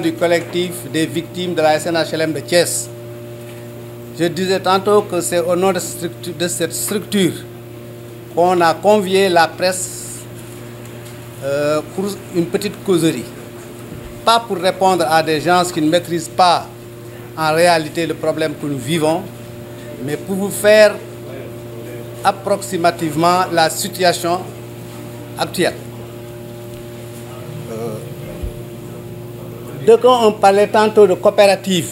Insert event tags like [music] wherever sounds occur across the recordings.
du collectif des victimes de la SNHLM de Thiès. Je disais tantôt que c'est au nom de, de cette structure qu'on a convié la presse euh, pour une petite causerie. Pas pour répondre à des gens qui ne maîtrisent pas en réalité le problème que nous vivons, mais pour vous faire approximativement la situation actuelle. De quand on parlait tantôt de coopérative,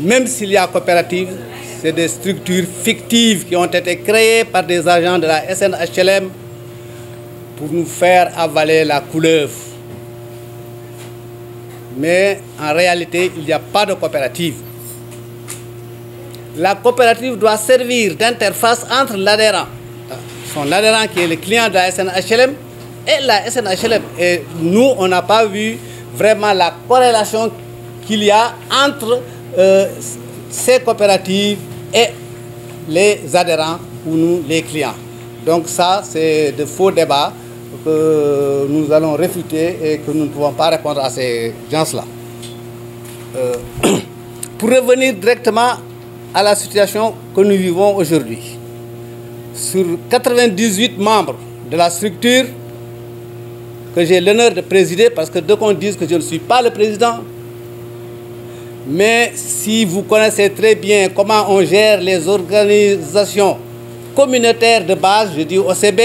même s'il y a coopérative, c'est des structures fictives qui ont été créées par des agents de la SNHLM pour nous faire avaler la couleuvre. Mais en réalité, il n'y a pas de coopérative. La coopérative doit servir d'interface entre l'adhérent, euh, son adhérent qui est le client de la SNHLM, et la SNHLM. Et nous, on n'a pas vraiment la corrélation qu'il y a entre euh, coopératives et les adhérents ou les clients. Donc ça, c'est de faux débats que nous allons réfuter et que nous ne pouvons pas répondre à ces gens euh, [clears throat] pour revenir directement à la situation que nous vivons aujourd'hui, sur 98 membres de la structure, que j'ai l'honneur de présider, parce que dès qu'on dise que je ne suis pas le président, mais si vous connaissez très bien comment on gère les organisations communautaires de base, je dis OCB,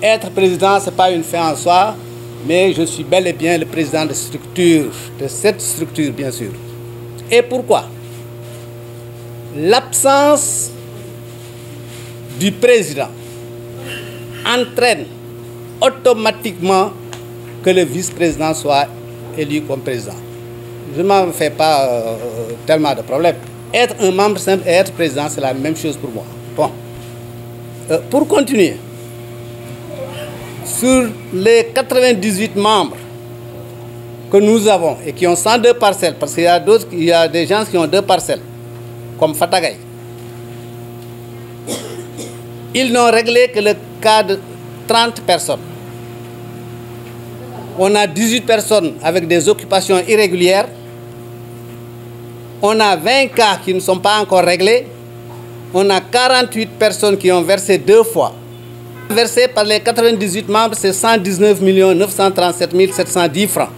être président, ce n'est pas une fin en soi, mais je suis bel et bien le président de structure, de cette structure bien sûr. Et pourquoi L'absence du président entraîne automatiquement que le vice-président soit élu comme président. Je ne m'en fais pas euh, tellement de problème. Être un membre simple et être président, c'est la même chose pour moi. Euh, pour continuer, sur les 98 membres que nous avons et qui ont 102 parcelles, parce qu'il y a d'autres, il y des gens parcelles, comme Fatagay, ils n'ont réglé que le cadre 30 personnes. On a 18 personnes avec des occupations irrégulières. On a 20 cas qui ne sont pas encore réglés. On a personnes qui ont versé deux fois. Versé par les 98 membres, c'est 119 937 710 francs.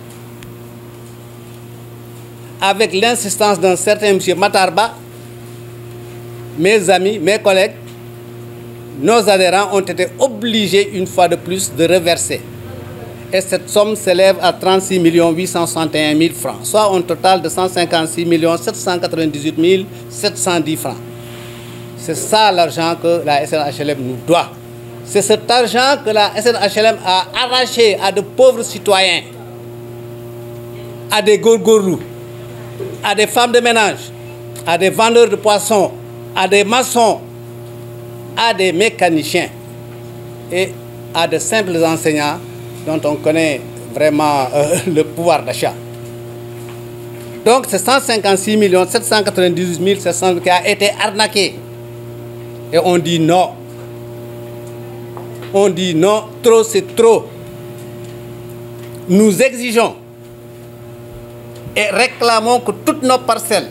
Avec l'insistance d'un certain M. Matarba, mes amis, mes collègues, nos adhérents ont une fois de plus de reverser. Et cette somme s'élève à 36 861 000 francs, soit un total de 156 798 710 francs. C'est ça l'argent que la SNHLM nous doit. C'est cet argent que la SNHLM a arraché à de pauvres citoyens, à des gorgorous, à des femmes de ménage, à des vendeurs de poissons, à des maçons, à des mécaniciens et à de simples enseignants dont on connaît vraiment euh, [laughs] le pouvoir d'achat. Donc c'est 156 798 700 qui a été arnaqué. Et on dit non. On dit non, trop c'est trop. Nous exigeons et réclamons que toutes nos parcelles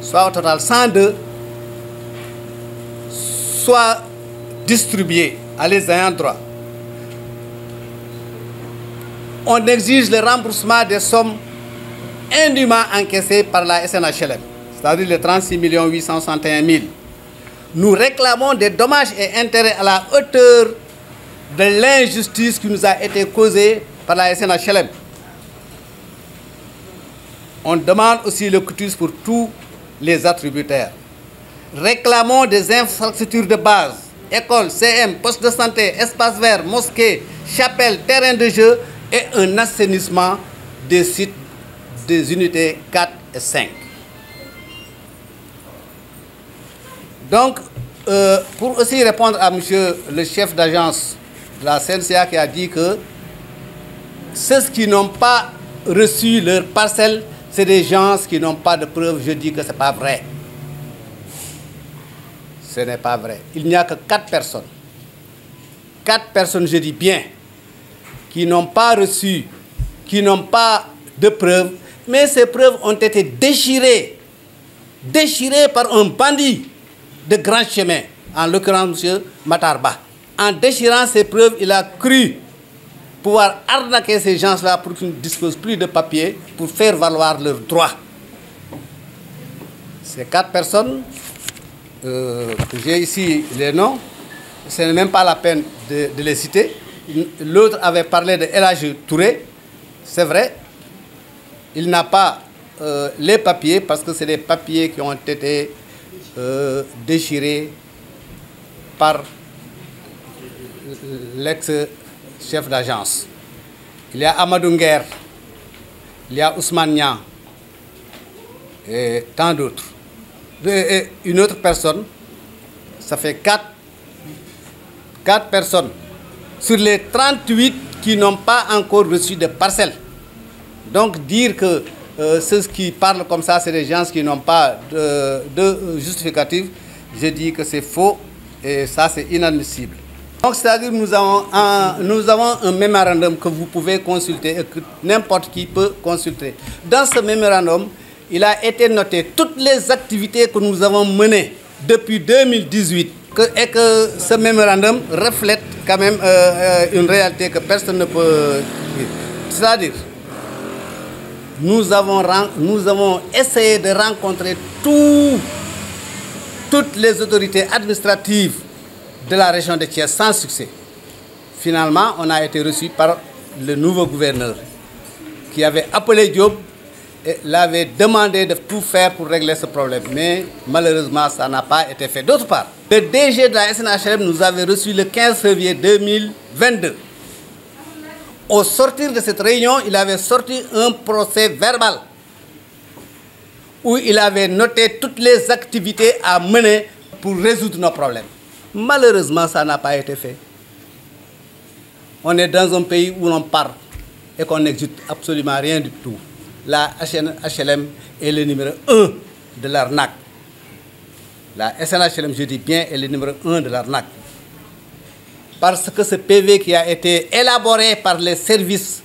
soient au total 102 soit distribué à les ayants droit. On exige le remboursement des sommes indûment encaissées par la SNHLM, c'est-à-dire les 36 861 000. Nous réclamons des dommages et intérêts à la hauteur de l'injustice qui nous a été causée par la SNHLM. On demande aussi le cutus pour tous les attributaires. réclamons des infrastructures de base écoles, CM, postes de santé, espaces verts, mosquées, chapelles, terrains de jeu et un assainissement des sites des unités 4 et 5. Donc, euh, pour aussi répondre à monsieur le chef d'agence de la CNCA qui a dit que ceux qui n'ont pas reçu leur parcelle, c'est des gens qui n'ont pas de preuves. Je dis que ce pas vrai. Ce n'est pas vrai. Il n'y a que quatre personnes. Quatre personnes, je dis bien, qui n'ont pas reçu, qui n'ont pas de preuves, mais ces preuves ont été déchirées, déchirées par un bandit de grand chemin, en l'occurrence M. Matarba. En déchirant ces preuves, il a cru pouvoir arnaquer ces gens-là pour qu'ils ne disposent plus de papier pour faire valoir leurs droits. Ces quatre personnes euh, j'ai ici les noms, ce n'est même pas la peine de, de les citer. L'autre avait parlé de Elage Touré, c'est vrai, il n'a pas euh, les papiers parce que c'est des papiers qui ont été euh, déchirés par l'ex-chef d'agence. Il y a Amadou Nguer, il y a Ousmane Niang et tant d'autres. et une autre personne, ça fait 4 personnes sur les 38 qui n'ont pas encore reçu de parcelle. Donc dire que euh, ceux qui parlent comme ça, c'est des gens qui n'ont pas de, de justificatif, je que c'est faux et ça c'est inadmissible. Donc c'est-à-dire nous avons un, nous avons un mémorandum que vous pouvez consulter et que n'importe qui peut consulter. Dans ce mémorandum, il a été noté toutes les activités que nous avons menées depuis 2018 que, et que ce mémorandum reflète quand même euh, euh, une réalité que personne ne peut dire. C'est-à-dire, nous avons, nous avons essayé de rencontrer tout, toutes les autorités administratives de la région de Thiès sans succès. Finalement, on a été reçu par le nouveau gouverneur qui avait appelé Diop l'avait demandé de tout faire pour régler ce problème. Mais malheureusement, ça n'a pas été fait. D'autre part, le DG de le 15 février 2022. Au sortir de cette réunion, il sorti un procès verbal où il avait noté toutes les activités à mener pour résoudre n'a pas été fait. On est dans un pays la SNHLM est le numéro 1 de l'arnaque. La SNHLM, je dis bien, est le numéro 1 de l'arnaque. Parce que ce PV qui a été élaboré par les services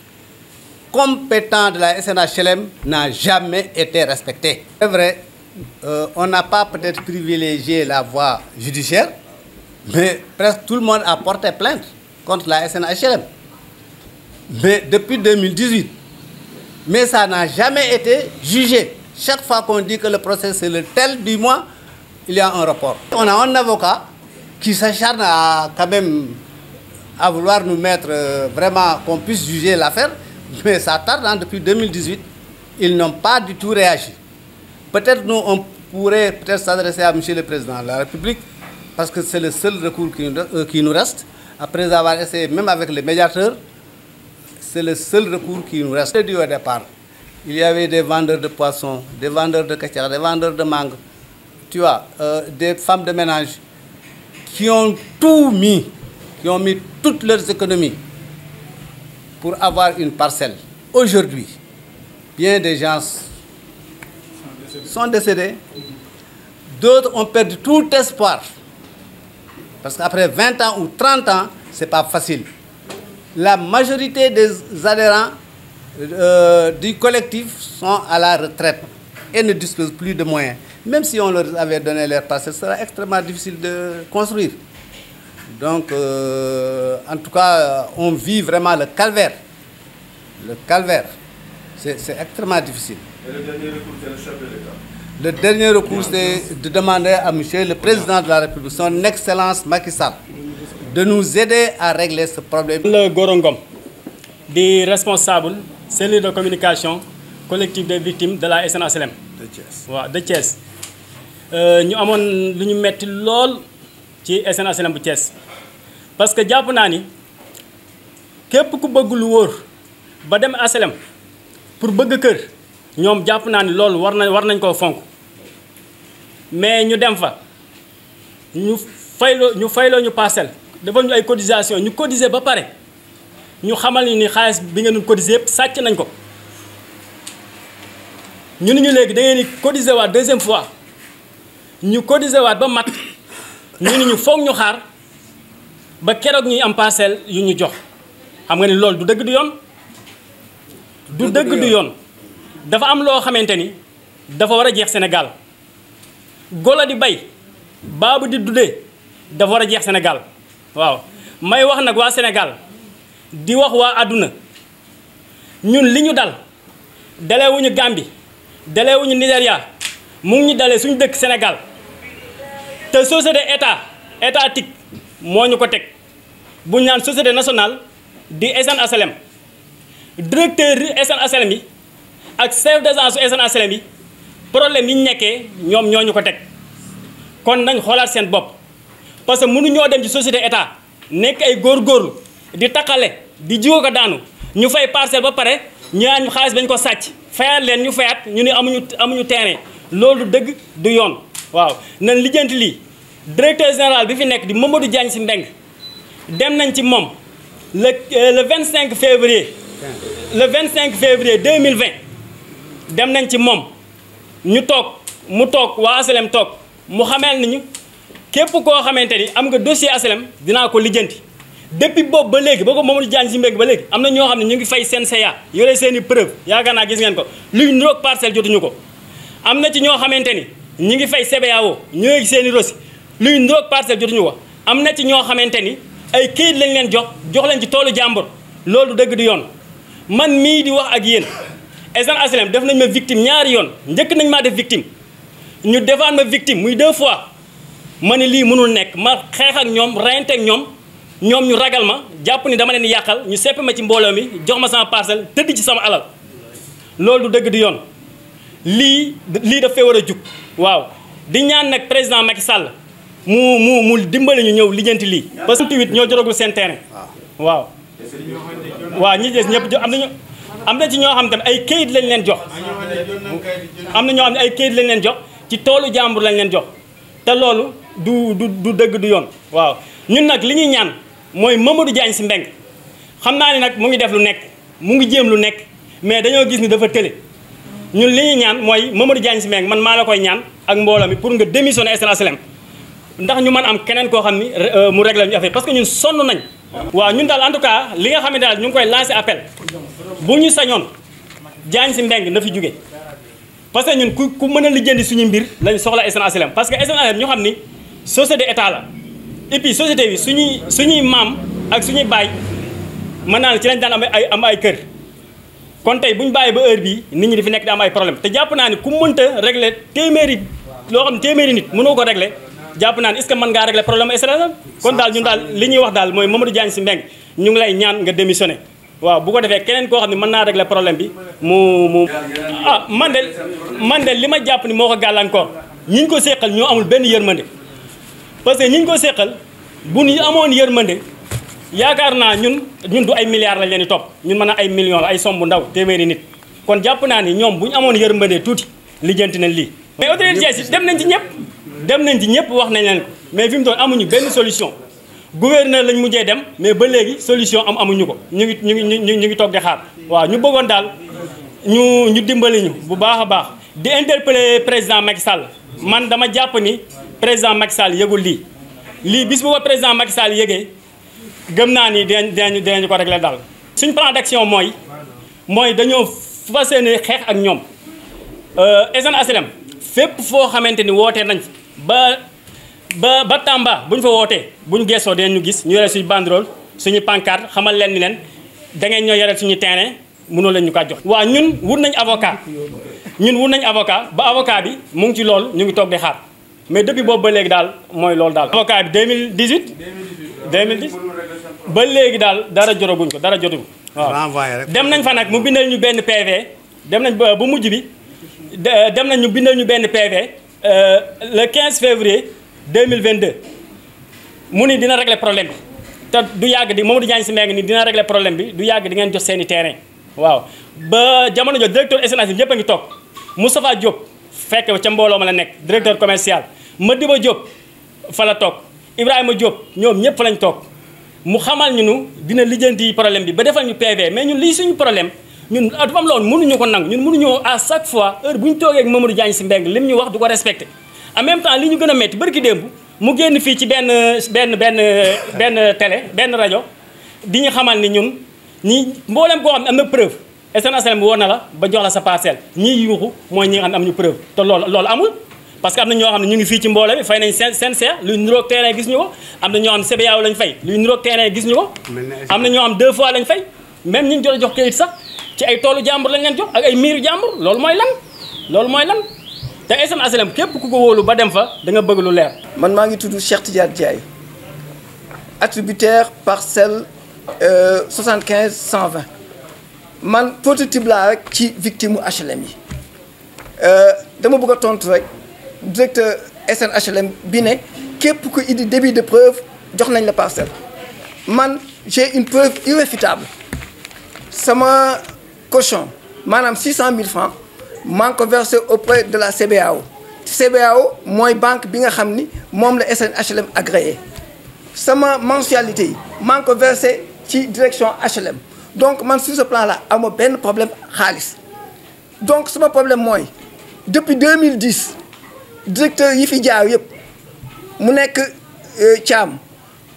compétents de la SNHLM n'a jamais été respecté. C'est vrai, euh, on n'a pas peut-être privilégié la voie judiciaire, mais presque tout le monde a porté plainte contre la SNHLM. Mais depuis 2018, mais ça n'a jamais été Chaque fois qu'on dit que le tel du mois, il y a un rapport. On a un avocat qui s'acharne à quand même à vouloir nous mettre euh, vraiment qu'on puisse juger l'affaire, mais ça tarde, hein, depuis 2018, ils n'ont Peut-être nous, on pourrait peut-être le Président la République, parce que c'est le seul recours qui nous, euh, qui nous c'est le seul recours qui nous reste. Dû au départ, il y avait des vendeurs de poissons, des vendeurs de cachères, des vendeurs de mangue, tu vois, euh, des femmes de ménage qui ont tout mis, qui ont mis toutes leurs économies pour avoir une parcelle. Aujourd'hui, bien des gens sont décédés. D'autres ont perdu tout espoir. Parce qu'après 20 ans ou 30 ans, ce n'est pas facile. la majorité des adhérents euh, du collectif sont à la retraite et ne disposent plus de moyens. Même si on leur avait donné leur passe, ce sera extrêmement difficile de construire. Donc, euh, en tout cas, euh, on vit vraiment le calvaire. Le calvaire. C'est extrêmement difficile. Et le dernier recours, c'est le chef de l'État le dernier recours, c'est de demander à monsieur le président de la République, son excellence Macky Sall, de nous aider à régler ce problème. Le Gorongom, des responsables, cellule de communication collective des victimes de la SNHLM. de Thiès waaw de Thiès. Euh, ñu amoon lu ñu metti lool ci SNHLM bu Thiès parce que jàpp naa ni képp ku bëgg lu wóor ba dem HLM pour bëgg kër ñoom jàpp naa ni loolu war na war nañ koo fonk mais ñu dem fa ñu fayloo ñu fay loo ñu parcelle defal ñu ay cotisation ñu cotiser ba pare ñu xamal ni xaalis bi ngeen doon cotiser yëpp sàcc nañ ko ñu ni ñu léegi da ngeen di cotiser waat deuxième fois ñu cotiser waat ba mat ñu ni ñu foog ñu xaar ba keroog ñuy am parcelle yu ñu jox xam nga ni loolu du dëgg du yoon. du dëgg du yoon dafa am loo xamante ni dafa war a jeex Sénégal golo di bay baabu di dundee dafa war a jeex Sénégal. waaw may wax nag waa Sénégal di wax waa àdduna ñun li ñu dal dalewuñu gàmbi dalewuñu Nigéria mu ngi ñu dalee suñu dëkk Sénégal te société état étatique moo ñu ko teg bu ñu naan société nationale di SN HLM directeur SN HLM yi ak chef d'agence su SN HLM yi problème yi ñu nekkee ñoom ñoo ñu ko teg kon nañ xoolaat seen bopp. parce que mënuñoo dem ci société état nekk ay góorgóorlu di taqale di jiwoo ko daanu ñu fay parcelle ba pare ñu naan xaalis dañ ko sàcc fayaat leen ñu fayaat ñu ni amuñu amuñu terrain loolu dëgg du yoon waaw nan lijjanti lii directeur général bi fi nekk di du Diagne Sy Mbengue dem nañ ci moom le euh, le 25 février le 25 février 2020 dem nañ ci moom ñu toog mu toog waa ASLEM toog mu xameel nañu képp koo xamante ni am nga dossier HLM dinaa ko lijjanti depuis boobu ba léegi ba ko Mamadou Diagne si mbéng ba léegi am na ñoo xam ne ñu ngi fay seen CA yore seen i preuve yaakaar naa gis ngeen ko luy niroog parcelle jotuñu ko am na ci ñoo xamante ni ñu ngi fay CBAO ñooy seen i rosi luy niroog parcelle jotuñu ko am na ci ñoo xamante ni ay kayit lañ leen jox jox leen ci toolu jàmbur loolu dëgg di yoon man mii di wax ak yéen Essane HLM def nañ ma victime ñaari yoon njëkk nañ maa def victime ñu defaan ma victime muy deux fois ma ne lii mënul nekk ma xeex ak ñoom reyante ak ñoom ñoom ñu ragal ma jàpp ni dama leen yàqal ñu sepp ma ci mbooloo mi jox ma sama parcelle tëdd ci sama alal loolu du dëgg di yoon lii lii daf fee war a jug waaw di ñaan nag président Macky sàll mu mu mu dimbali ñu ñëw lijjanti lii. parce que ñoo jorogul seen terrain. waaw waaw ñi des ñëpp am nañu am na ci ñoo xam tamit ay kayit lañ leen jox. am na ñoo xam ne ay kayit lañ leen jox ci toolu jàmbur lañ leen jox te loolu. du du du dëgg du yoon waaw ñun nag li ñuy ñaan mooy Mamadou Diagne si Mbengue xam naa ne nag mu ngi def lu nekk mu ngi jéem lu nekk mais dañoo gis ni dafa tële ñun li ñuy ñaan mooy Mamadou Diagne Sy Mbengue man maa la koy ñaan ak mbooloo mi pour nga démissionner Star HLM ndax ñu mën am keneen koo xam ni euh, mu réglé ñu affaire parce que ñun sonn nañ waaw ñun daal en tout li nga xam ne daal ñu ngi koy lancé appel bu ñu sañoon Diagne si Mbengue na fi jóge parce que ñun ku ku mën a suñu mbir lañ soxla Star HLM parce que Star HLM ñu société état la et puis société bi suñuy suñuy maam ak suñuy baay mën naa ne ci lañ daan am ay am ay kër kon tey bu ñu bàyyi ba heure bii nit ñi di fi nekk di am ay problème te jàpp naa ne ku mënta régler téeméeri loo xam ne téeméeri nit mënoo ko régler jàpp naa ne est-ce que mën ngaa régler problème essentiel kon daal ñun daal li ñuy wax daal mooy Mamadou Diagne Sy Mbengue ñu ngi lay ñaan nga démissionné waaw bu ko defee keneen koo xam ne mën naa régler problème bi mu mu. ah man de li ma jàpp ni moo ko gàllankoor ñi ñu ko séqal ñoo amul benn yërmande. parce que ñi ñu ko seqal bu ñu amoon yërmande yaakaar naa ñun ñun du ay milliards lañ leen di topp ñun man a ay millions la ay somb ndaw téeméeri nit kon jàpp naa ni ñoom bu ñu amoon yërmande tuuti lijjanti nañ lii. mais autorité Thiès yi dem nañ ci ñëpp dem nañ ci ñëpp wax nañ leen mais fi mu doon amuñu benn solution gouverneur lañ mujjee dem mais ba léegi solution am amuñu ko ñu ngi ñu ngi ñu ngi toog di xaar waaw ñu bëggoon daal ñu ñu dimbali ñu bu baax a baax di interpeller président Macky Sall man dama jàpp ni. président Macky Sall yëgul lii lii bis bu ko président Macky Sall yëgee gëm naa ni dinañ dinañ dinañ ko la daal. suñ plan d'action mooy mooy dañoo fas yéene xeex ak ñoom euh, SN HLM fépp foo xamante ni wootee nañ fa ba ba ba Tamba bu ñu fa wootee bu ñu geesoo dinañu gis ñu yore suñu banderole suñu pancarte xamal leen ni leen dangeen ngeen ñoo yore suñu terrain mënoo leen ñu kaa jox. waa ñun wut nañ avocat ñun wut nañ avocat ba avocat bi mu ngi ci loolu ñu ngi toog di mais depuis boobu ba léegi daal mooy loolu daal. avocat bi 2018. 2018 ba léegi daal dara jotaguñ ko dara jotuñ ko. waaw dem nañ fa nag mu bindal ñu benn PV dem nañ ba bu mujj bi dem nañ ñu bindal ñu benn PV euh, le 15 février 2022 mu ni dina régler problème bi te du yàgg di Mamadou Diagne Sy Mbengue ni dina régler problème bi du yàgg di ngeen jot seeni terrain waaw ba jamono jooju directeur SNH bi ñëpp a ngi toog Moustapha Diop fekk ca mbooloo ma la nekk directeur commercial ma a Diop fa la toog Ibrahima Diop ñoom ñëpp fa lañ toog mu xamal ñu nu dina lijjanti problème bi ba defal ñu PV mais ñun lii suñu problème ñun dafa am loolu mënuñu ko nangu ñun mënuñoo à chaque fois heure bu ñu toogee ak Mamadou Diagne ñu wax du ko respecté en même temps li ñu gën a métti bërki démb mu génn fii ci benn benn benn benn télé benn rajo di ñu xamal ni ñun ñi mbooleem koo xam ne am na preuve SN HLM woo na la ba jox la sa parcelle ñiy yuuxu mooy ñi nga xam ne am ñu te loolu loolu amul parce que am na ñoo xam ne ñu ngi fii ci mbooloo bi fay nañ seen seen seer luy niroog terrain gis ñu ko am na ñoo xam ne CBAO lañ fay luy niroog terrain gis ñu ko am na ñoo xam deux fois lañ fay même ñi ñu jot a jox kayit sax ci ay toolu jàmbur lañ leen jox ak ay miiru jàmbur loolu mooy lan loolu mooy lan te SN HLM képp ku ko wóolu ba dem fa danga bëgg lu leer man maa ngi tudd Cheikh Tidiane Diaye attributaire parcelle 75 euh, 120 man prototype laa rek ci victime u HLM yi euh, dama bëgg tontu rek directeur SNHLM bi ne képp ku indi début de preuve jox nañ la parcelle man j'ai une preuve irréfutable sama caution maanaam 600 000 francs maa ngi ko versé auprès de la CBAO CBAO mooy banque bi nga xam ni moom la SNHLM agréé sama mensualité yi maa ko versé ci direction HLM donc man sur ce plan là amoo benn problème xaalis donc sama problème mooy depuis 2010. directeur yi fi jaar yëpp mu nekk caam euh,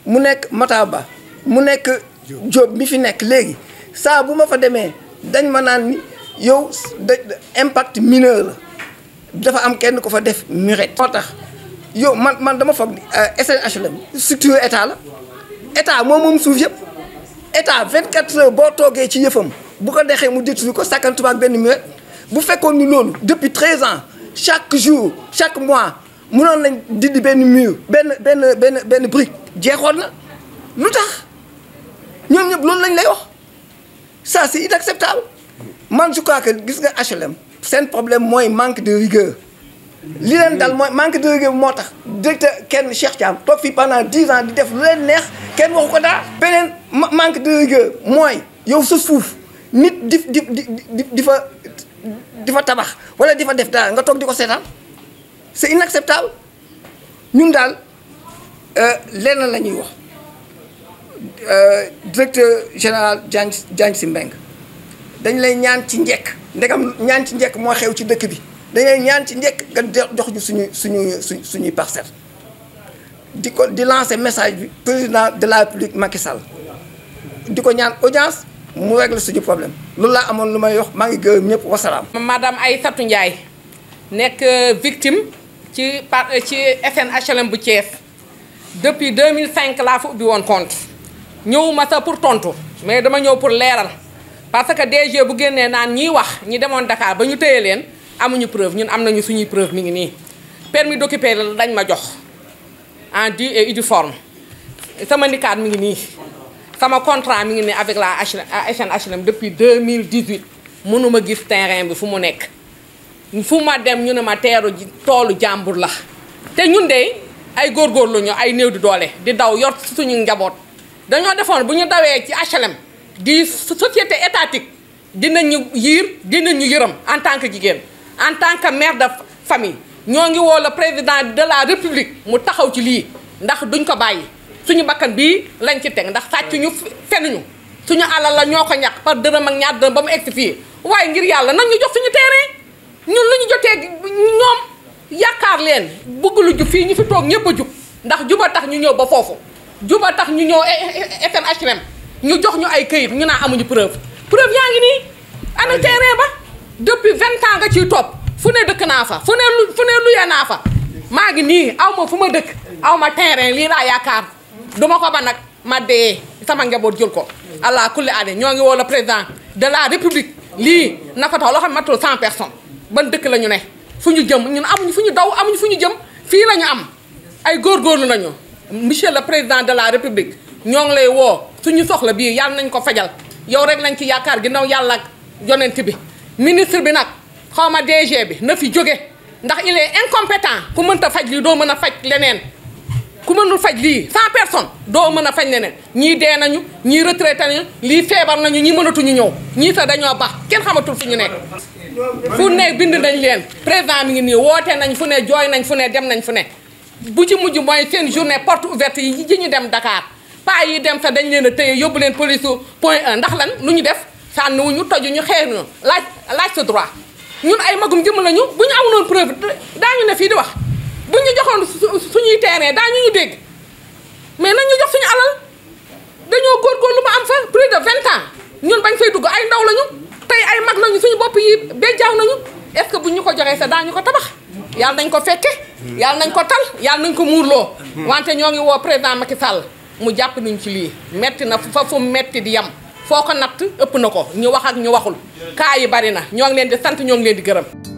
mu nekk Mataba mu nekk Diop mi fi nekk léegi saa bu ma fa demee dañ ma naan ni yow da impact mineur la dafa am kenn ko fa def murette. moo tax yow man man dama foog ni euh, SNHLM structure état la état moom moom suuf yëpp état quatre heures boo toogee ci yëfam bu ko dexee mu détruire ko sàkkantumaak benn murette bu fekkoon ni loolu depuis 13 ans. chaque jour chaque mois munoon lañ dindi benn mur benn benn benn benn brique jeexoon na lu tax ñoom ñëpp loolu lañ lay wax ça c'est inacceptable man je crois que gis nga HLM seen problème mooy manque de rigueur li leen dal mooy manque de rigueur moo tax directeur kenn Cheikh Thiam toog fii pendant dix ans di def lu leen neex kenn waxu ko daa beneen manque de rigueur mooy yow sa suuf nit di di di di fa di fa tabax wala di fa def daal nga toog di ko seetaan c'est inacceptable ñun daal euh, lenn la ñuy wax euh, directeur général Diagne Diagne Sy Mbengue dañ lay ñaan ci njekk ndegam ñaan ci njekk moo xew ci dëkk bi dañ lay ñaan ci njekk nga jox ñu suñu suñu su suñuy parcelle di ko di lancer message bi président de la République Macky Sall di ko ñaan audience mu régler suñu problème loolu laa amoon lu may wax maa ngi gërëm ñëpp wasalaam. ay Aïssatou Ndiaye nekk euh, victime ci par euh, ci FNHLM bu Thiès depuis deux mille cinq laa fa ubbi woon compte ñëwuma sa pour tontu mais dama ñëw pour leeral parce que DG bu génnee naan ñiy wax ñi demoon ndakaar ba ñu téye leen amuñu preuve ñun am nañu suñuy preuve mi ngi nii. permis d'occuper la dañ ma jox en due et uniforme sama nikaat mu ngi nii. sama contrat mi ngi ne avec la SN euh, HLM depuis 2018 mënuma gis terrain bi fu mu nekk fu ma dem ñu ne ma teeru toolu jàmbur la te ñun de ay góor góor lu ñu ay néew di doole di daw yor suñu njaboot dañoo defoon bu ñu dawee ci HLM di société étatique dinañu yiir ñu yërëm en tant que jigéen en tant que mère de famille ñoo ngi woo le président de la république mu taxaw ci lii ndax duñ ko bàyyi suñu bakkan bii lañ ci teg ndax sàccuñu fenuñu suñu alal la ñoo ko ñàkk par dërëm ak ñaar dërëm ba mu egsi fii waaye ngir yàlla nan ñu jox suñu terrain ñun lu ñu jotee ñoom yaakaar leen bëgg lu fii ñu fi toog ñëpp a ndax juba tax ñu ñëw ba foofu juba tax ñu ñëw e, e, e, FNHLM ñu jox ñu ay kayit ñu naa amuñu preuve preuve yaa ngi nii ana terrain ba depuis vingt ans nga ciy topp fu ne dëkk naa fa fu ne lu fu ne luyee naa fa maa ngi nii aw ma fu ma dëkk aw ma terrain lii laa yaakaar du ma ko ba nag ma dee sama njaboot jël ko allah kulli aane ñoo ngi woo la président de la république lii na ko tax loo xam ne matul cent personnes ban dëkk lañu ñu ne fu ñu jëm ñun amuñu fu ñu daw amuñu fu ñu jëm fii la ñu am ay góorgóorlu nañu monsieur le président de la république ñoo ngi lay woo suñu soxla bii yàlla nañ ko fajal yow rek lañ ci yaakaar gi ginnaaw yàlla ak yonent bi ministre bi nag xaw ma DG bi na fi jóge ndax il est incompétent ku mënta faj li doo mën a faj leneen ku mënul faj lii cent personnes doo mën a faj leneen ñii dee nañu ñii retraité nañu lii feebar nañu ñi mënatuñu ñëw ñii sax dañoo baax kenn xamatul fu ñu nekk. fu ne bind nañ leen président mi ngi nii woote nañ fu ne jooy nañ fu ne dem nañ fu ne bu ci mujj mooy seen journée porte ouverte yi ji ñu dem Dakar paa yi dem sax dañ leen a téye yóbbu leen police point 1 ndax lan lu ñu def sànniwuñu tojuñu xeeruñu laaj laaj sa droit ñun ay magum jëm lañu bu ñu amuloon preuve daañu di wax demee daa ñu dégg mais nañu jox suñu alal dañoo góorgóorlu ba am fa plus de vingt ans ñun bañ fay dugg ay ndaw lañu tey ay mag lañu suñu bopp yi bejjaaw nañu est-ce que buñ ñu ko joxee sax daañu ko tabax yal nañ ko fekke yàlla nañ ko tal yàlla nañ ko muur loo wante ñoo ngi woo président Macky Sall mu jàpp nañ ci lii metti na fa fu metti di yam foo ko natt ëpp na ko ñu wax ak ñu waxul kaa yi bari na ñoo ngi leen di sant ñoo ngi leen di gërëm